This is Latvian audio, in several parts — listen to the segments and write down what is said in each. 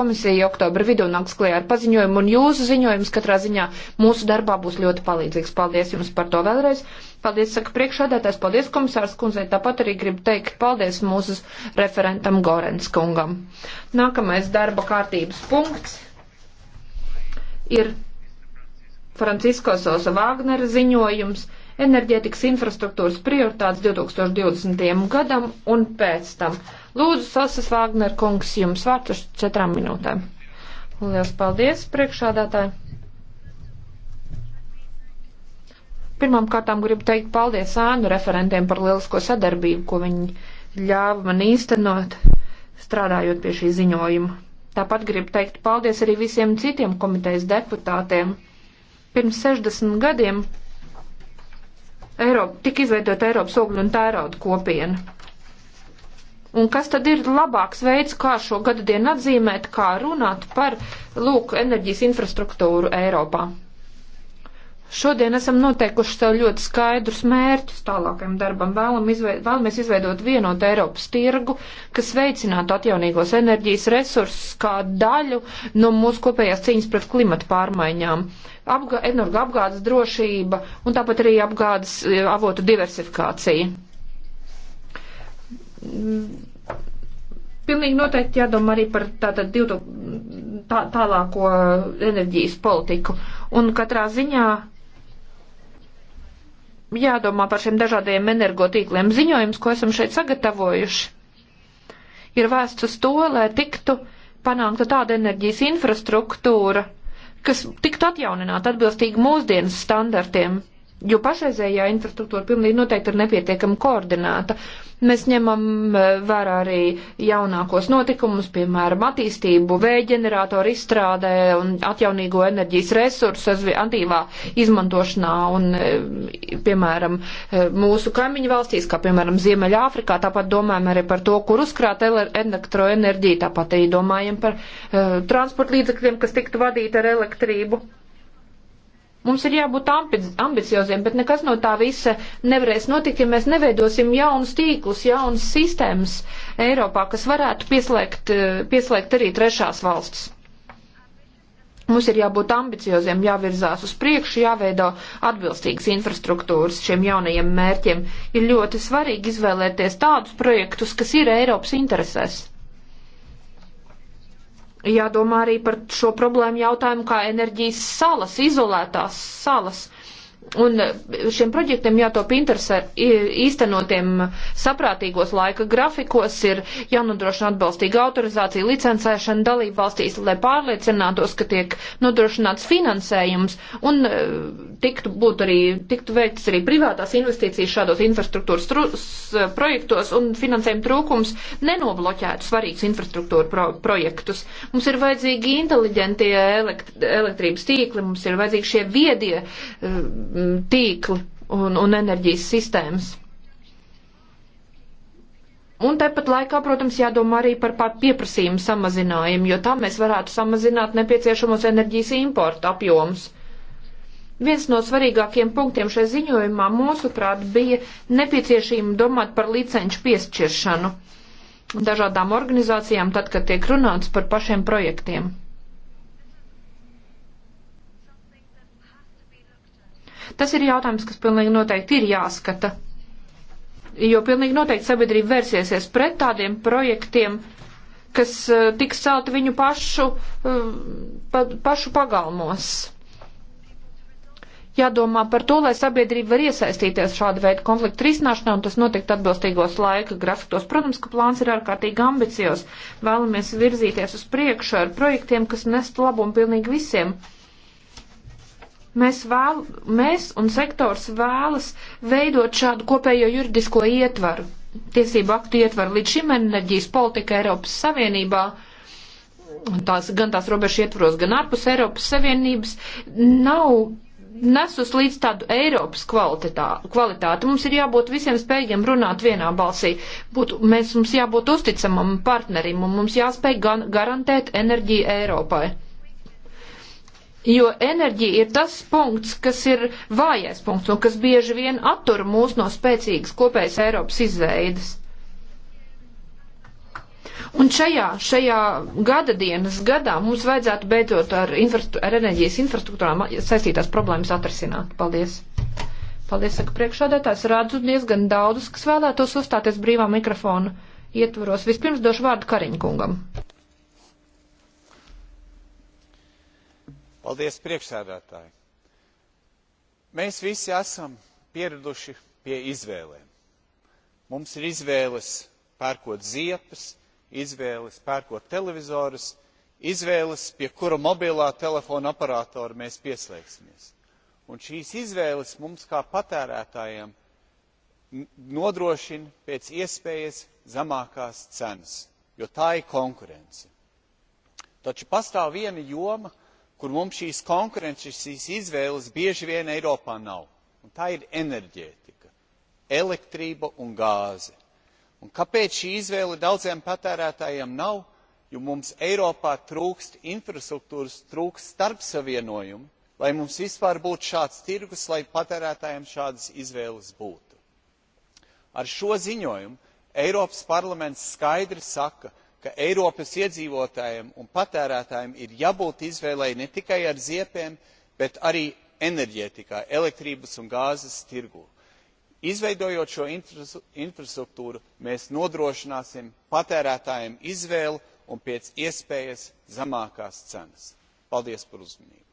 komisija oktobra vidū nāks klajā ar paziņojumu, un jūsu ziņojums katrā ziņā mūsu darbā būs ļoti palīdzīgs. Paldies jums par to vēlreiz. Paldies, saka priekšādātājs, paldies komisārs kundzei, tāpat arī gribu teikt paldies mūsu referentam Gorens kungam. Nākamais darba kārtības punkts ir Francisko Sosa Vāgnera ziņojums enerģētikas infrastruktūras prioritātes 2020. gadam un pēc tam. Lūdzu, Sasas Vāgner kungs, jums vārds uz četrām minūtēm. Lielas paldies, priekšādātāji. Pirmām kārtām gribu teikt paldies ēnu referentiem par lielisko sadarbību, ko viņi ļāva man īstenot, strādājot pie šī ziņojuma. Tāpat gribu teikt paldies arī visiem citiem komitejas deputātiem. Pirms 60 gadiem Eiropa, tika izveidota Eiropas ogļu un tērauda kopiena. Un kas tad ir labāks veids, kā šo gadu dienu atzīmēt, kā runāt par, lūk, enerģijas infrastruktūru Eiropā? Šodien esam noteikuši sev ļoti skaidrus mērķus tālākajam darbam. Vēlam izveid, vēlamies izveidot vienotu Eiropas tirgu, kas veicinātu atjaunīgos enerģijas resursus kā daļu no mūsu kopējās cīņas pret klimatu pārmaiņām. Apgā, energoapgādes drošība un tāpat arī apgādes eh, avotu diversifikācija Mm, pilnīgi noteikti jādomā arī par tātad tā, tā, tālāko enerģijas politiku. Un katrā ziņā jādomā par šiem dažādiem energotīkliem. Ziņojums, ko esam šeit sagatavojuši, ir vēsts uz to, lai tiktu panākta tāda enerģijas infrastruktūra, kas tiktu atjaunināta atbilstīgi mūsdienas standartiem jo pašreizējā infrastruktūra pilnīgi noteikti ir nepietiekama koordināta. Mēs ņemam eh, vērā arī jaunākos notikumus, piemēram, attīstību vēģeneratoru izstrādē un atjaunīgo enerģijas resursu aktīvā izmantošanā un, eh, piemēram, eh, mūsu kaimiņu valstīs, kā piemēram Ziemeļāfrikā, tāpat domājam arī par to, kur uzkrāt elektroenerģiju, tāpat arī domājam par uh, transportlīdzekļiem, kas tiktu vadīti ar elektrību. Mums ir jābūt ambicioziem, bet nekas no tā visa nevarēs notikt, ja mēs neveidosim jaunus tīklus, jaunas sistēmas Eiropā, kas varētu pieslēgt, eh, pieslēgt arī trešās valstis. Mums ir jābūt ambicioziem, jāvirzās uz priekšu, jāveido atbilstīgas infrastruktūras šiem jaunajiem mērķiem. Ir ļoti svarīgi izvēlēties tādus projektus, kas ir Eiropas interesēs. Jādomā arī par šo problēmu jautājumu kā enerģijas salas, izolētās salas. Uh, Un šiem projektiem jātop interesē īstenotiem saprātīgos laika grafikos, ir jānodrošina atbalstīga autorizācija, licencēšana dalību valstīs, lai pārliecinātos, ka tiek nodrošināts finansējums un e, tiktu, būt arī, tiktu veikts arī privātās investīcijas šādos infrastruktūras trus, e, projektos un finansējuma trūkums nenobloķētu svarīgus infrastruktūra pro projektus. Mums ir vajadzīgi inteliģentie elekt elektrības tīkli, mums ir vajadzīgi šie viedie. Uh, Mm, tīkli un, un enerģijas sistēmas. Un tepat laikā, protams, jādomā arī par pieprasījumu samazinājumu, jo tā mēs varētu samazināt nepieciešamos enerģijas importu apjomus. Viens no svarīgākiem punktiem šai ziņojumā, mūsuprāt, bija nepieciešība domāt par licenču piešķiršanu dažādām organizācijām, tad, kad tiek runāts par pašiem projektiem. Tas ir jautājums, kas pilnīgi noteikti ir jāskata, jo pilnīgi noteikti sabiedrība versiesies pret tādiem projektiem, kas e, tiks celti viņu pašu, e, pa, pašu pagalmos jādomā par to, lai sabiedrība var iesaistīties šāda veida konfliktu risināšanā, un tas notikt atbilstīgos laika grafikos. Protams, ka plāns ir ārkārtīgi ambicios. Vēlamies virzīties uz priekšu ar projektiem, kas nest labumu pilnīgi visiem. Mēs, vēl, mēs un sektors vēlas veidot šādu kopējo juridisko ietvaru, tiesību aktu ietvaru. Līdz šim enerģijas politika Eiropas Savienībā tās, gan tās robežu ietvaros, gan ārpus Eiropas Savienības nav nesus līdz tādu Eiropas kvalitā, kvalitāti. Mums ir jābūt visiem spējiem runāt vienā balsī. Būt, mēs, mums jābūt uzticamam partnerim un mums jāspēj gan, garantēt enerģiju Eiropai. Jo enerģija ir tas punkts, kas ir vājais punkts un kas bieži vien attur mūs no spēcīgas kopējas Eiropas izveidas. Un šajā, šajā gada dienas gadā mums vajadzētu beidzot ar, infrastru, ar enerģijas infrastruktūrām saistītās problēmas atrasināt. Paldies! Paldies, saka priekšādētājs. Redzu diezgan daudzus, kas vēlētos uzstāties brīvā mikrofona ietvaros. Vispirms došu vārdu Kariņkungam. Paldies, priekšsēdētāji! Mēs visi esam pieraduši pie izvēlēm. Mums ir izvēles pērkot ziepes, izvēles pērkot televizorus, izvēles, pie kura mobilā telefona operatora mēs pieslēgsimies. Un šīs izvēles mums kā patērētājiem nodrošina pēc iespējas zemākās cenas, jo tā ir konkurence. Taču pastāv viena joma, kur mums šīs konkurences, šīs izvēles bieži vien Eiropā nav. Un tā ir enerģētika, elektrība un gāze. Un kāpēc šī izvēle daudziem patērētājiem nav? Jo mums Eiropā trūkst infrastruktūras, trūkst starpsavienojumu, lai mums vispār būtu šāds tirgus, lai patērētājiem šādas izvēles būtu. Ar šo ziņojumu Eiropas parlaments skaidri saka, ka eiropas iedzīvotājiem un patērētājiem ir jābūt izvēlei ne tikai ar ziepēm bet arī enerģētikā elektrības un gāzes tirgū. izveidojot šo infrastruktūru mēs nodrošināsim patērētājiem izvēli un pēc iespējas zemākās cenas. paldies par uzmanību!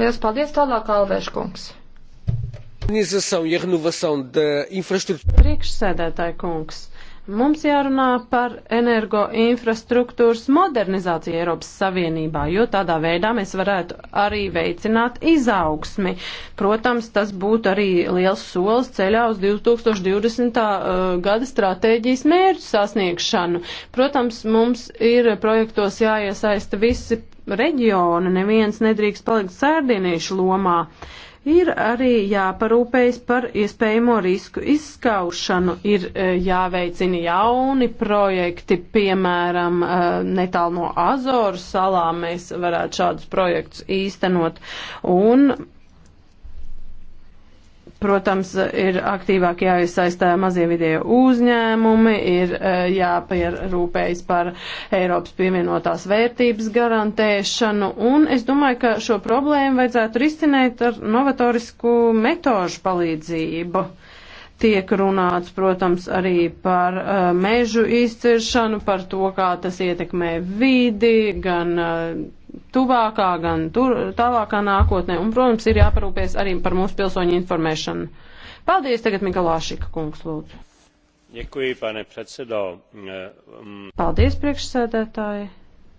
Liels paldies tālāk, Alvēš kungs! E Priekšsēdētāji kungs, mums jārunā par energoinfrastruktūras modernizāciju Eiropas Savienībā, jo tādā veidā mēs varētu arī veicināt izaugsmi. Protams, tas būtu arī liels solis ceļā uz 2020. Uh, gada stratēģijas mērķu sasniegšanu. Protams, mums ir projektos jāiesaista visi reģioni, neviens nedrīkst palikt sērdienīšu lomā. Uh, Ir arī jāparūpējas par iespējamo risku izskaušanu, ir e, jāveicina jauni projekti, piemēram, e, netālu no Azoru salām mēs varētu šādus projektus īstenot. Un Protams, ir aktīvāk jāiesaistā mazie vidējo uzņēmumi, ir e, jāpierūpējas par Eiropas pievienotās vērtības garantēšanu, un es domāju, ka šo problēmu vajadzētu risināt ar novatorisku metožu palīdzību. Tiek runāts, protams, arī par uh, mežu izciršanu, par to, kā tas ietekmē vidi, gan uh, tuvākā, gan tur, tālākā nākotnē. Un, protams, ir jāparūpēs arī par mūsu pilsoņu informēšanu. Paldies tagad Mikalāšika kungs, lūdzu. Děkuji, pane předsedo. E, um, Paldies, priekšsēdētāji.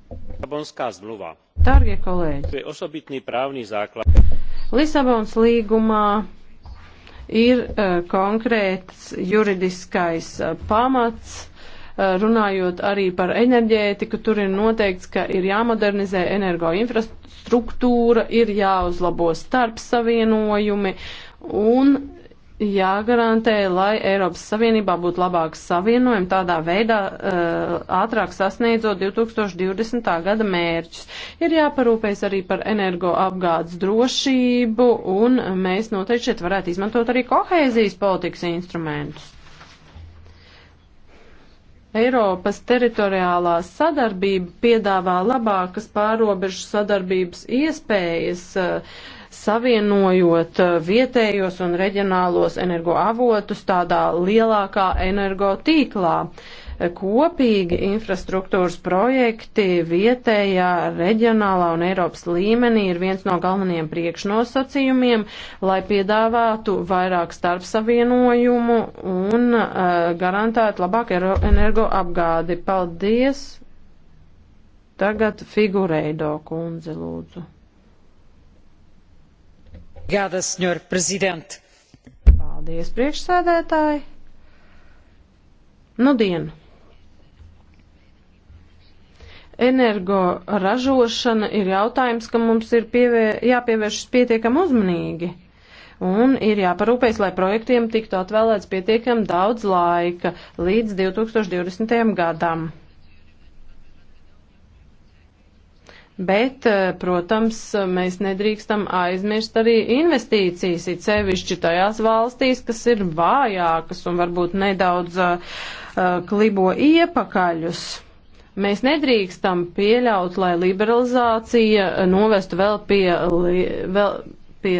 Lisabonská zmluva. Dārgie kolēģi. To je osobitný právny základ. Lisabons līgumā ir uh, konkrēts juridiskais uh, pamats Eh, runājot arī par enerģētiku, tur ir noteikts, ka ir jāmodernizē energoinfrastruktūra, ir jāuzlabo starp savienojumi un jāgarantē, lai Eiropas Savienībā būtu labāks savienojumi, tādā veidā uh, ātrāk sasniedzot 2020. gada mērķus. Ir jāparūpēs arī par energoapgādes drošību, un mēs noteikti šeit varētu izmantot arī kohēzijas politikas instrumentus. Eiropas teritoriālā sadarbība piedāvā labākas pārobežu sadarbības iespējas, eh, savienojot eh, vietējos un reģionālos energoavotus tādā lielākā energotīklā. tīklā kopīgi infrastruktūras projekti vietējā, reģionālā un Eiropas līmenī ir viens no galvenajiem priekšnosacījumiem, lai piedāvātu vairāk starpsavienojumu un uh, garantētu labāku energoapgādi. Paldies! Tagad figurēdo kundze lūdzu. Gāda, senjor prezident. Paldies, priekšsēdētāji. Nu, dienu energoražošana ir jautājums, kam mums ir pievē, jāpievēršas pietiekam uzmanīgi. Un ir jāparūpējas, lai projektiem tiktu atvēlēts pietiekam daudz laika līdz 2020. gadam. Bet, eh, protams, mēs nedrīkstam aizmirst arī investīcijas, it sevišķi tajās valstīs, kas ir vājākas un varbūt nedaudz uh, klibo iepakaļus. Mēs nedrīkstam pieļaut, lai liberalizācija novestu vēl pie, vēl pie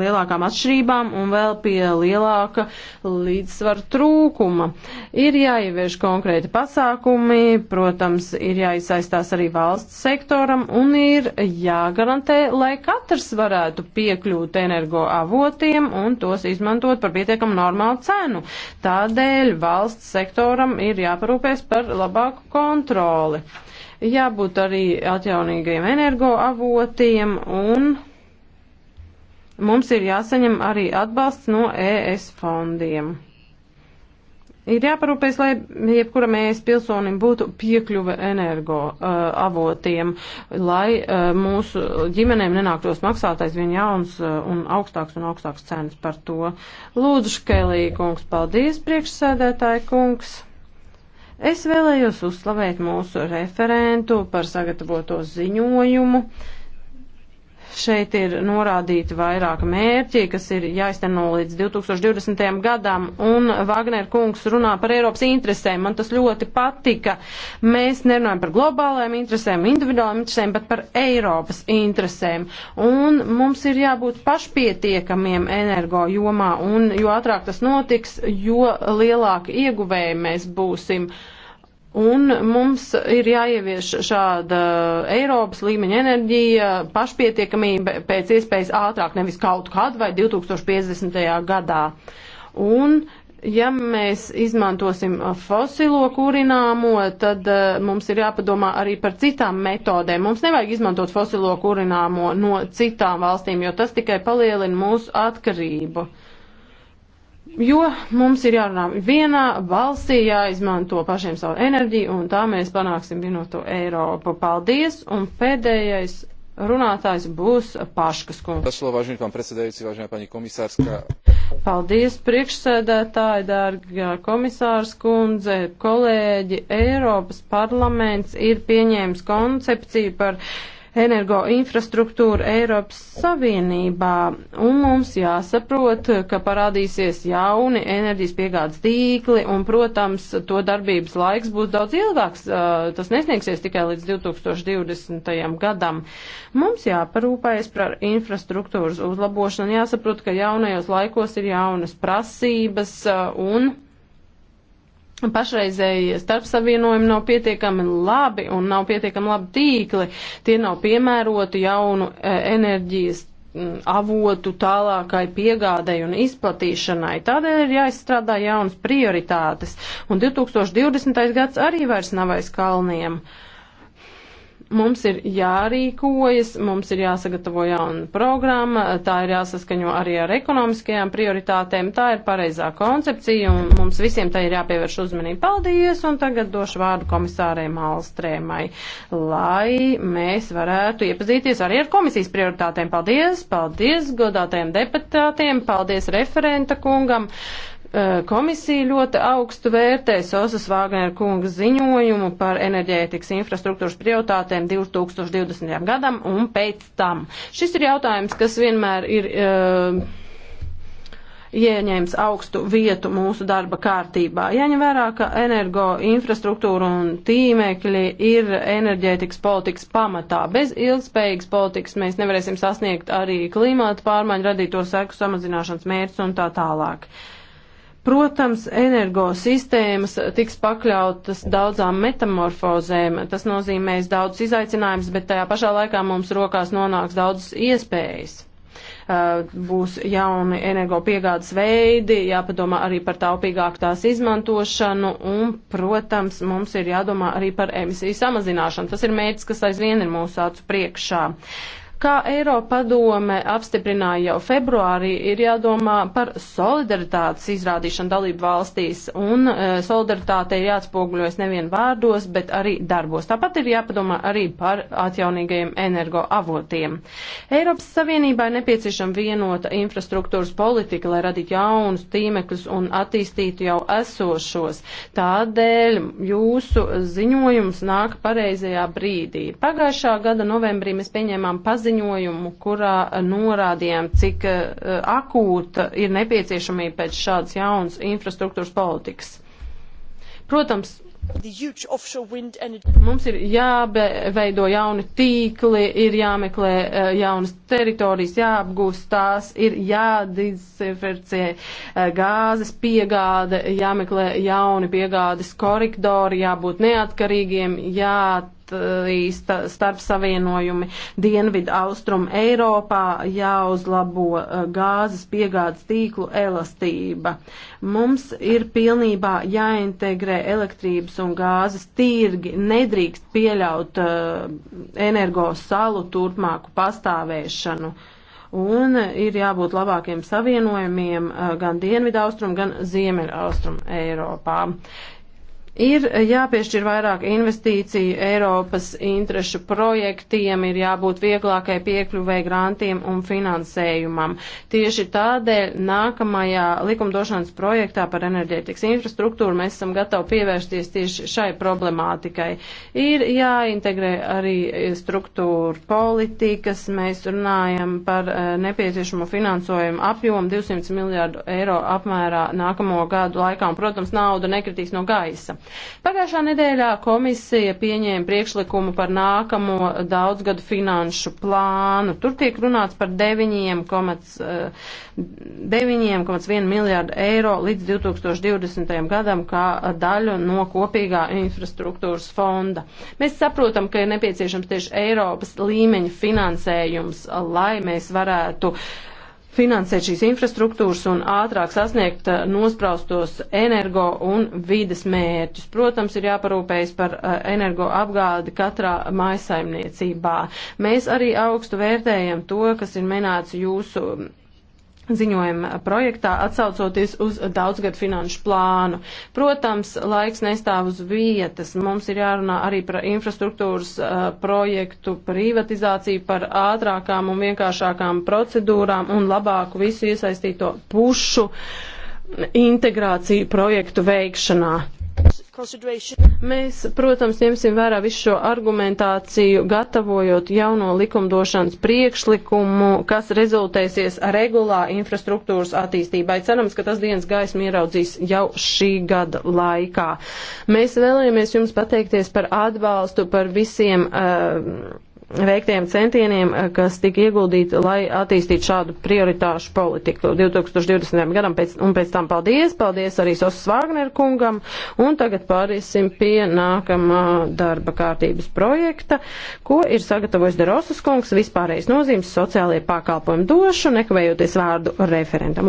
lielākām atšķirībām un vēl pie lielāka līdzsvaru trūkuma. Ir jāievieš konkrēti pasākumi, protams, ir jāiesaistās arī valsts sektoram un ir jāgarantē, lai katrs varētu piekļūt energoavotiem un tos izmantot par pietiekam normālu cenu. Tādēļ valsts sektoram ir jāparūpēs par labāku kontroli jābūt arī atjaunīgajiem energoavotiem un mums ir jāsaņem arī atbalsts no ES fondiem. Ir jāparūpēs, lai jebkuram ES pilsonim būtu piekļuve energo uh, avotiem, lai uh, mūsu ģimenēm nenāktos maksāt aizvien jauns uh, un augstāks un augstāks cenas par to. Lūdzu, Škelī kungs, paldies, priekšsēdētāji kungs. Es vēlējos uzslavēt mūsu referentu par sagatavoto ziņojumu. Uh, Šeit ir norādīti vairāki mērķi, kas ir jāizteno līdz 2020. gadam, un Wagner kungs runā par Eiropas interesēm. Man tas ļoti patika. Mēs nerunājam par globālajām interesēm, individuālām interesēm, bet par Eiropas interesēm. Un mums ir jābūt pašpietiekamiem energo jomā, un jo ātrāk tas notiks, jo lielāki ieguvēji mēs būsim. Uh, Un mums ir jāievieš šāda Eiropas līmeņa enerģija, pašpietiekamība pēc iespējas ātrāk, nevis kaut kad vai 2050. gadā. Un ja mēs izmantosim fosilo kurināmo, tad uh, mums ir jāpadomā arī par citām metodēm. Mums nevajag izmantot fosilo kurināmo no citām valstīm, jo tas tikai palielina mūsu atkarību. Uh, Jo mums ir jārunā vienā valstī, jāizmanto pašiem savu enerģiju, un tā mēs panāksim vienoto Eiropu. Paldies! Un pēdējais runātājs būs Paškas kungs. Paldies, priekšsēdētāji, dārgā komisārs kundze, kolēģi. Eiropas parlaments ir pieņēmis koncepciju par energoinfrastruktūru Eiropas Savienībā, un mums jāsaprot, ka parādīsies jauni enerģijas piegādes tīkli, un, protams, to darbības laiks būs daudz ilgāks, tas nesniegsies tikai līdz 2020. gadam. Mums jāparūpējas par infrastruktūras uzlabošanu, jāsaprot, ka jaunajos laikos ir jaunas prasības, un pašreizējie starpsavienojumi nav pietiekami labi un nav pietiekami labi tīkli, tie nav piemēroti jaunu e, enerģijas avotu tālākai piegādai un izplatīšanai. Tādēļ ir jāizstrādā jaunas prioritātes, un 2020. gads arī vairs nav aiz kalniem. Uh, Mums ir jārīkojas, mums ir jāsagatavo jauna programma, tā ir jāsaskaņo arī ar ekonomiskajām prioritātēm, tā ir pareizā koncepcija un mums visiem tai ir jāpievērš uzmanība. Paldies! Un tagad došu vārdu komisārei Malstrēmai, lai mēs varētu iepazīties arī ar komisijas prioritātēm. Paldies! Paldies godātajiem deputātiem! Paldies referenta kungam! Uh, Eh, komisija ļoti augstu vērtē Sosas Vāgner kunga ziņojumu par enerģētikas infrastruktūras prioritātēm 2020. gadam un pēc tam. Šis ir jautājums, kas vienmēr ir. Uh, ieņēmis augstu vietu mūsu darba kārtībā. Jāņem vērā, ka energo infrastruktūra un tīmekļi ir enerģētikas politikas pamatā. Bez ilgspējīgas politikas mēs nevarēsim sasniegt arī klimata pārmaiņu radīto seku samazināšanas mērķus un tā tālāk. Uh, Protams, energosistēmas tiks pakļautas daudzām metamorfozēm. Tas nozīmēs daudz izaicinājums, bet tajā pašā laikā mums rokās nonāks daudz iespējas. Būs jauni energopiegādes veidi, jāpadomā arī par taupīgāku tās izmantošanu un, protams, mums ir jādomā arī par emisiju samazināšanu. Tas ir mērķis, kas aizvien ir mūsu acu priekšā. Uh, Kā Eiropadome apstiprināja jau februārī, ir jādomā par solidaritātes izrādīšanu dalību valstīs, un e, solidaritāte ir jāatspoguļojas nevien vārdos, bet arī darbos. Tāpat ir jāpadomā arī par atjaunīgajiem energoavotiem. Eiropas Savienībai nepieciešama vienota infrastruktūras politika, lai radītu jaunus tīmekļus un attīstītu jau esošos. Tādēļ jūsu ziņojums nāk pareizajā brīdī. Pagājušā gada novembrī mēs pieņēmām paziņu paziņojumu, kurā norādījām, cik eh, akūta ir nepieciešamība pēc šādas jaunas infrastruktūras politikas. Protams, Mums ir jāveido jauni tīkli, ir jāmeklē eh, jaunas teritorijas, jāapgūst tās, ir jādizifercē eh, gāzes piegāde, jāmeklē jauni piegādes koridori, jābūt neatkarīgiem, jā starp savienojumi dienvidu austrumu Eiropā, jāuzlabo eh, gāzes piegādes tīklu elastība. Mums ir pilnībā jāintegrē elektrības un gāzes tirgi, nedrīkst pieļaut uh, eh, energo salu turpmāku pastāvēšanu. Un ir jābūt labākiem savienojumiem uh, gan dienvidu austrumu, gan ziemeļu austrumu Eiropā Ir jāpiešķir vairāk investīciju Eiropas interešu projektiem, ir jābūt vieglākai piekļuvai grantiem un finansējumam. Tieši tādēļ nākamajā likumdošanas projektā par enerģētikas infrastruktūru mēs esam gatavi pievērsties tieši šai problemātikai. Ir jāintegrē arī struktūra politikas, mēs runājam par eh, nepieciešamo finansējumu apjomu 200 miljārdu eiro apmērā nākamo gadu laikā, un, protams, nauda nekritīs no gaisa. Pagājušā nedēļā komisija pieņēma priekšlikumu par nākamo daudzgadu finanšu plānu. Tur tiek runāts par 9,1 eh, miljārdu eiro līdz 2020. gadam kā daļu no kopīgā infrastruktūras fonda. Mēs saprotam, ka ir nepieciešams tieši Eiropas līmeņa finansējums, lai mēs varētu uh, finansēt šīs infrastruktūras un ātrāk sasniegt eh, nospraustos energo un vides mērķus. Protams, ir jāparūpējas par eh, energo apgādi katrā mājasaimniecībā. Mēs arī augstu vērtējam to, kas ir minēts jūsu ziņojuma projektā atsaucoties uz daudzgad finanšu plānu. Protams, laiks nestāv uz vietas. Mums ir jārunā arī par infrastruktūras uh, projektu privatizāciju, par ātrākām un vienkāršākām procedūrām un labāku visu iesaistīto pušu integrāciju projektu veikšanā. Mēs, protams, ņemsim vērā visu šo argumentāciju, gatavojot jauno likumdošanas priekšlikumu, kas rezultēsies regulā infrastruktūras attīstībai. Cerams, ka tas dienas gaismu ieraudzīs jau šī gada laikā. Mēs vēlamies jums pateikties par atbalstu, par visiem. Uh, veiktiem centieniem, eh, kas tika ieguldīti, lai attīstītu šādu prioritāšu politiku 2020. gadam. Pēc, un pēc tam paldies, paldies arī Sosas Vāgner kungam. Un tagad pāriesim pie nākamā darba kārtības projekta, ko ir sagatavojis Derosas kungs vispārējais nozīmes sociālajie pakalpojumi došu, nekavējoties vārdu referentam.